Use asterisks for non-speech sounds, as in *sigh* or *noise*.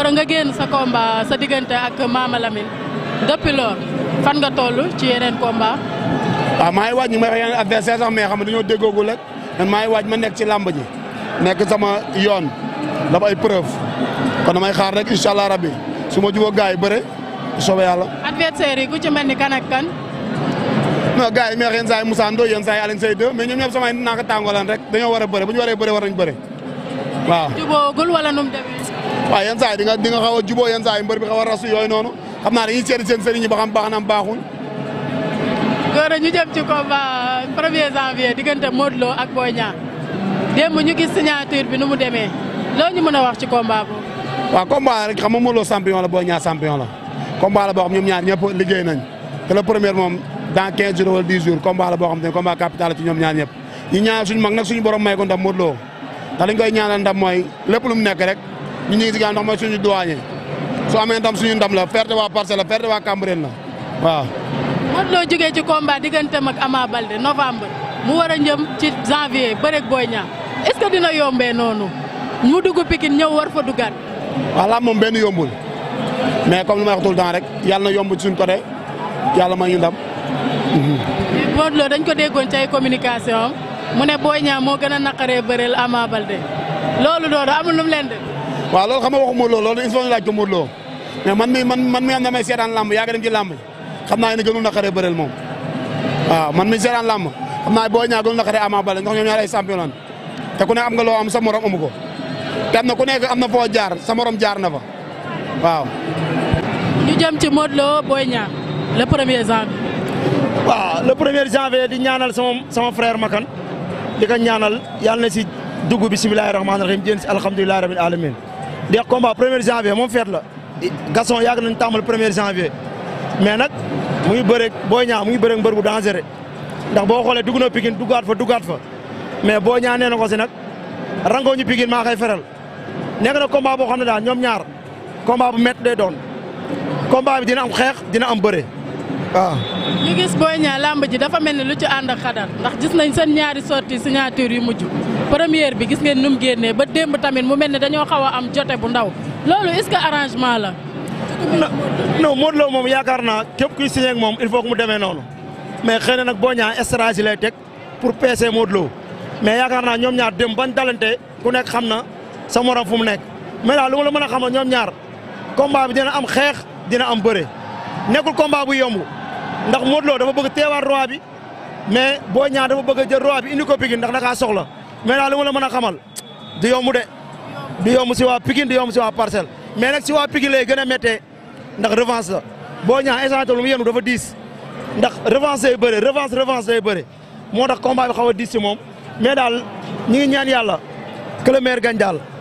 wara nga genn sa combat sa digënté ak Mama Lamine depuis loolu fan nga tollu ci yeneen combat. ah may ngi ñu may wax adversaire sax mais xam dañu déggogul ak man ma nekk ci lamb ji nekk sama yoon dafa ay preuve kon damay xaar rek inshallah allah rabbi suma juwo gaay gars yi yalla adversaire yi ku ci melni kan ak kan. no gaay me may say musa ndo yeen say Ndoye yenn saa mais rek dañu wara a buñu bu ñu war nañ bëre waaw. gul wala num mu waaw yenn saa yi di nga di nga xaw a jubóo yenn saa yi mbër bi a rasu yooyu noonu xam naa dañuy seeti seen sëriñ ñi ba xam baaxuñ góor ñu jëm ci combat premier janvier diggante Modou Lo ak Boy Niang démb ñu gis ñaatur bi nu mu demee loo ñu mën a wax ci combat boobu waaw combat rek xam nga Modou Lo champion la Boy Niang la combat boo xam ñoom ñaar ñëpp liggéey nañ te le premier moom dans 15 jours wala 10 la boo xam te ne combat capital la ñoom ñaar ñëpp ñu ñaan suñu mag nag suñu borom may koy ñaanal ndam mooy lépp lu mu nekk rek ñu ngi si gaaw suñu doyen su amee suñu ndam la perte waa Parcelles la perte waa Cambérène la waaw. Modou Lo jógee ci combat digganteem ak Ama Baldé novembre mu war a ñëm ci janvier bëreeg Boy Niang est-ce que dina yombee noonu mu dugg Pikine ñëw war fa duggaat. waaw laa benn yombul mais comme li ma wax tout rek yàlla na yomb ci suñu côté yàlla may ñu ndam. *laughs* Modou Lo ko déggoon ci ay communication mu ne Boy Niang gën a naqaree bëreel Ama Baldé loolu doon amul waaw loolu xam nga waxu Modou loolu il faut ñu laaj ko mais man mi man man mi am damay seetaan làmb yaaga dem ci làmb xam naa ne gënul naqaree bëreel moom waaw man mi seetaan làmb xam naa boo ñaa gënul naqaree Ama Baldé ndax ñoom ñaar ay champion te ku ne am nga loo am sa morom amu ko am na ku nekk am na foo jaar sa morom jaar na fa waaw. ñu jëm ci Modou Lo Boy Niang premier janvier. waaw le di ñaanal sama sama frère Makan di ko ñaanal yàlla na si dugg bisimilahi rahmaani rahim jéem si alhamdulilahi rabil alamin de combat premier janvier moom feet la Gaston yàgg nañ tàmbal premier janvier mais nag mu ngi bëreeg Boy Niang mu ngi bëreeg mbër bu dangereux ndax boo xoolee dugg na Pikine duggaat fa dugaat fa mais Boy Niang nee na ko si nag rangoo ñu maa koy feral nekk na combat boo xam ne daal ñoom ñaar combat bu métti day doon combat bi dina am xeex dina am bëre waaw ah. ñu gis Boy Niang làmb ji dafa mel ni lu ci ànd ak xadar ndax gis nañ seen ñaari sortie signature yu mujj première bi gis ngeen nu génnee ba démb tamit mu mel ni dañoo xaw a am jote bu ndaw loolu est-ce que arrangement la. non Modou Lo moom yaakaar naa képp kuy signé ak moom il faut mu demee noonu mais xëy na nag Boy Niang stratégie lay teg pour peese Modou Lo mais yaakaar naa ñoom ñaar dem bañ dalante ku nekk xam na sa morom fu mu nekk mais daal lu ma la mën a xamal ñoom ñaar combat bi dina am xeex dina am bëre nekkul combat bu yomb. ndax Modou Lo dafa bëgg teewaat roi bi mais Boy Niang dafa bëgg a jël roi bi indi ko Pikine ndax da kaa soxla mais daal li ma la mën a xamal du yomb de du yomb si waa Pikine du yomb si waa Parcelles mais nag si waa Pikine lay gën a méttee ndax revanche la Boy Niang instant lu mu yenu dafa diis ndax revanche lay bëre revanche revanche lay bëre moo tax combat bi xaw a diis si moom mais daal ñu ngi ñaan yàlla que le maire gañ